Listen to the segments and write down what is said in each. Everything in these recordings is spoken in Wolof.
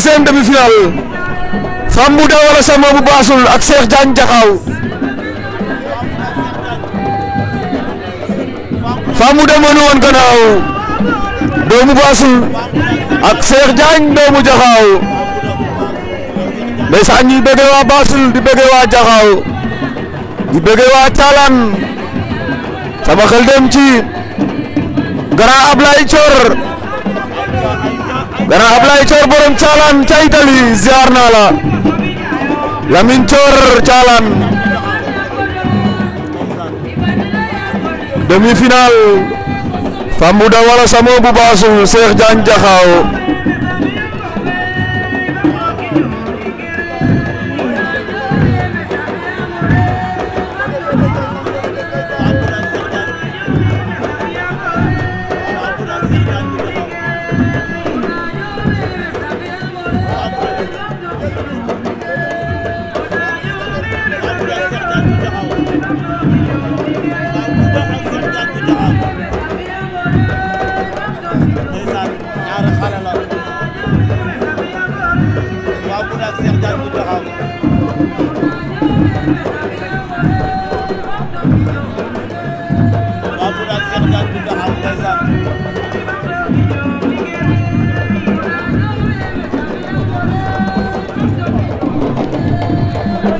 seen demi-finale Fambou da wala Samba bu baasul ak Cheikh Diagne Diakhao Fambou da mënu woon doomu baasul ak Cheikh Diagne doomu Diakhao ndeysaan ñuy bëggee waa baasul di bëggee waa Diakhao di bëggee waa Thialan sama xel dem ci grand Ablaye Thior Dana Ablay Chor Borom Chalan Chaitali Ziar Nala Lamin Chor Chalan Demi final Famuda Wala Samo syekh Sheikh Jan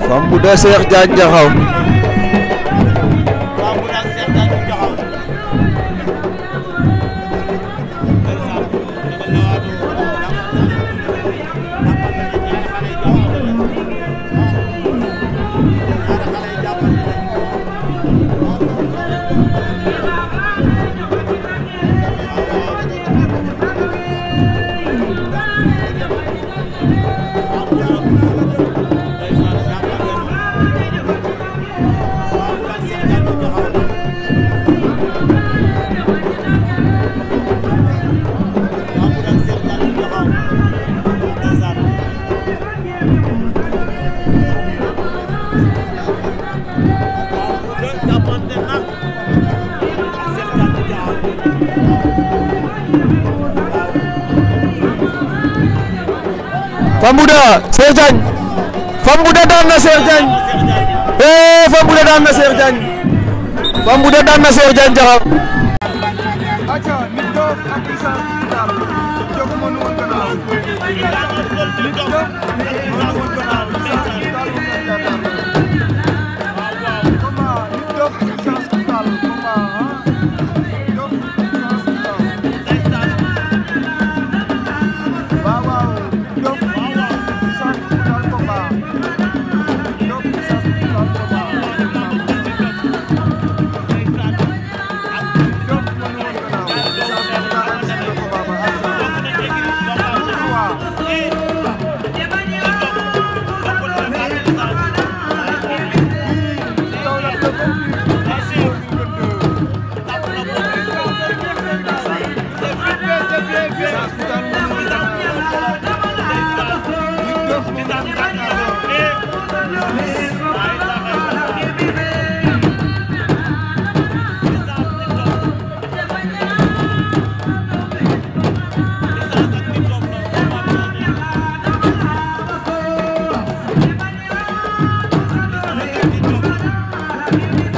Fambouda Cheikh Diagne Diakhao Fambouda Cheikh Diagne Fambouda daan na Cheikh Diagne eh Fambouda daan na Cheikh Diagne Thank you.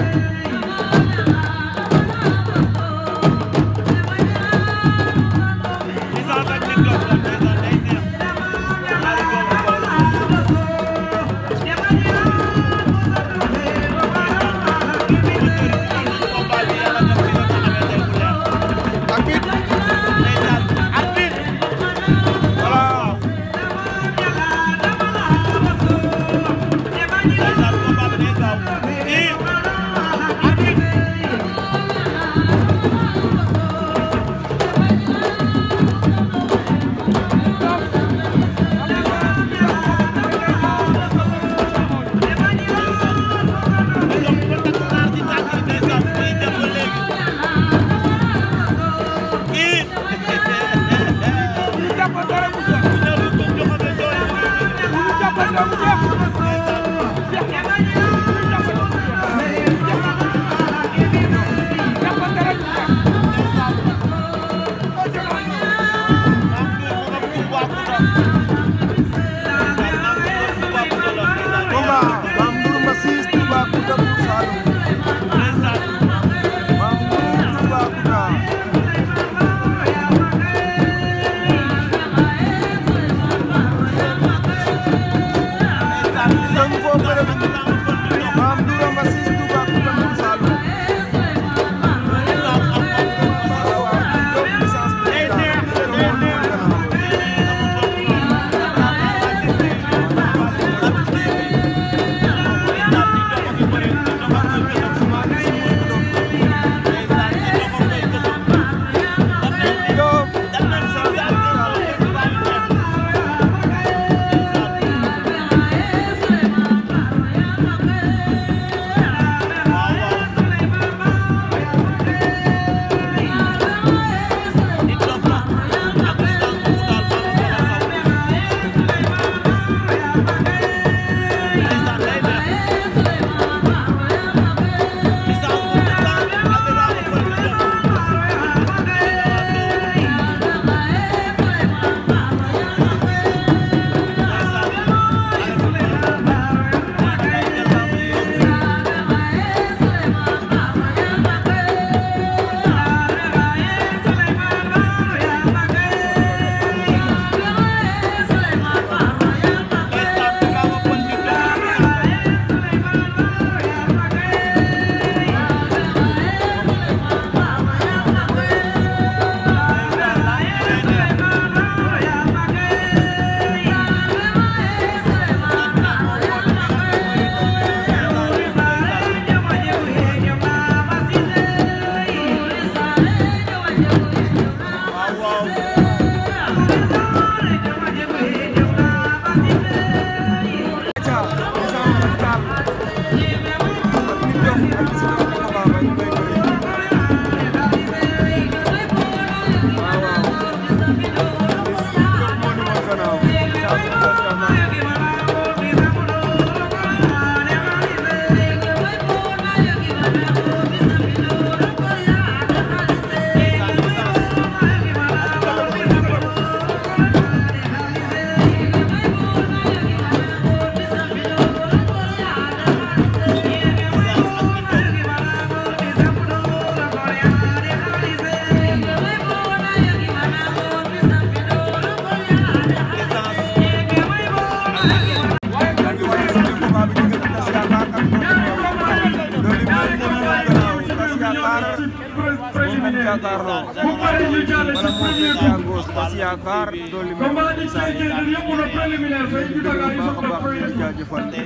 yaakaar dolli mel yëpp na préliminaire fay ñu daga yi sax na préliminaire jaajëfal di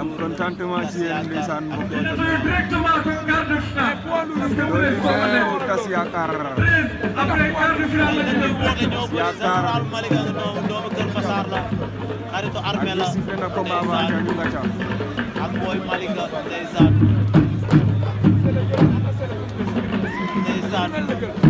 am contentement ci yéen ndeysaan mbokk yi directement ko quart de finale parce que loolu teew tas yaakaar après quart de finale la ñu dem yaakaar doomu Kër Massar la xaritu armée la décisé na ko baba ñu nga ca ak booy Malika ndeysaan ndeysaan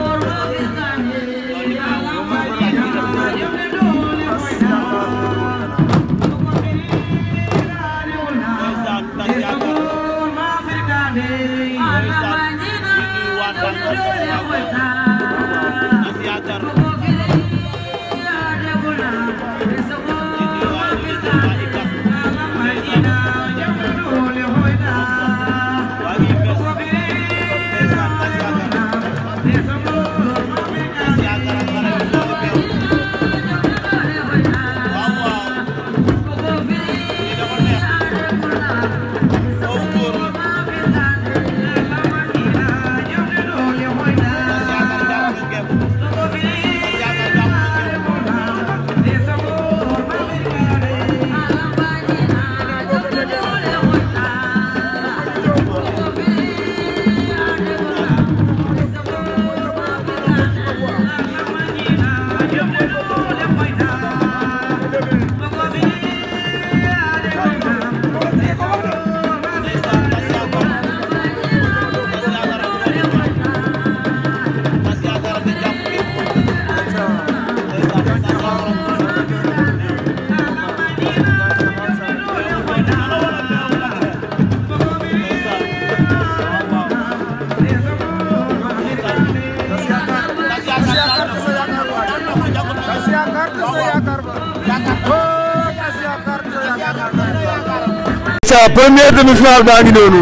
ca premier demi final baa ngi noonu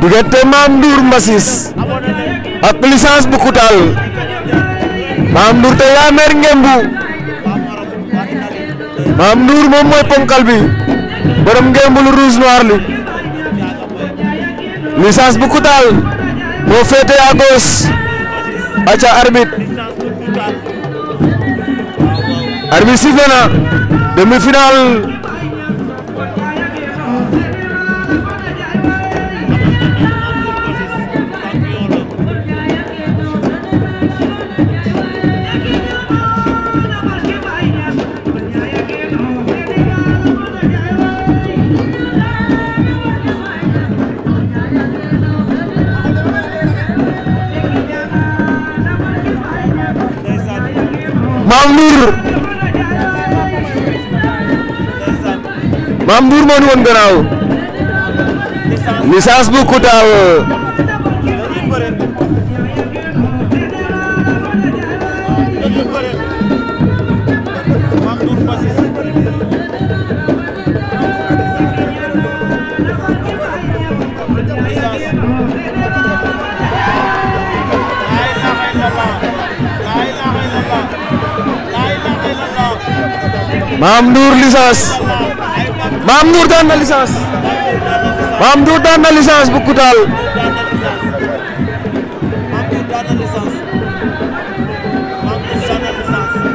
diggante mamdour masis ak licence bu kutaal mamdour tey laa mer ngembu mamdour moom mooy ponkal bi borom ngembu lu rouge noir li licence bu kutaal moo féete à gauche aca arbitre arbitre sifflé na demi final Mame Ndour Mame Ndour moo ñu woon gannaaw licence bu Kouthal Mame Ndour licence Mame Ndour daan na licence Mame Ndour daan na licence bu Koutal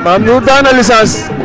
Mame Ndour daan na licence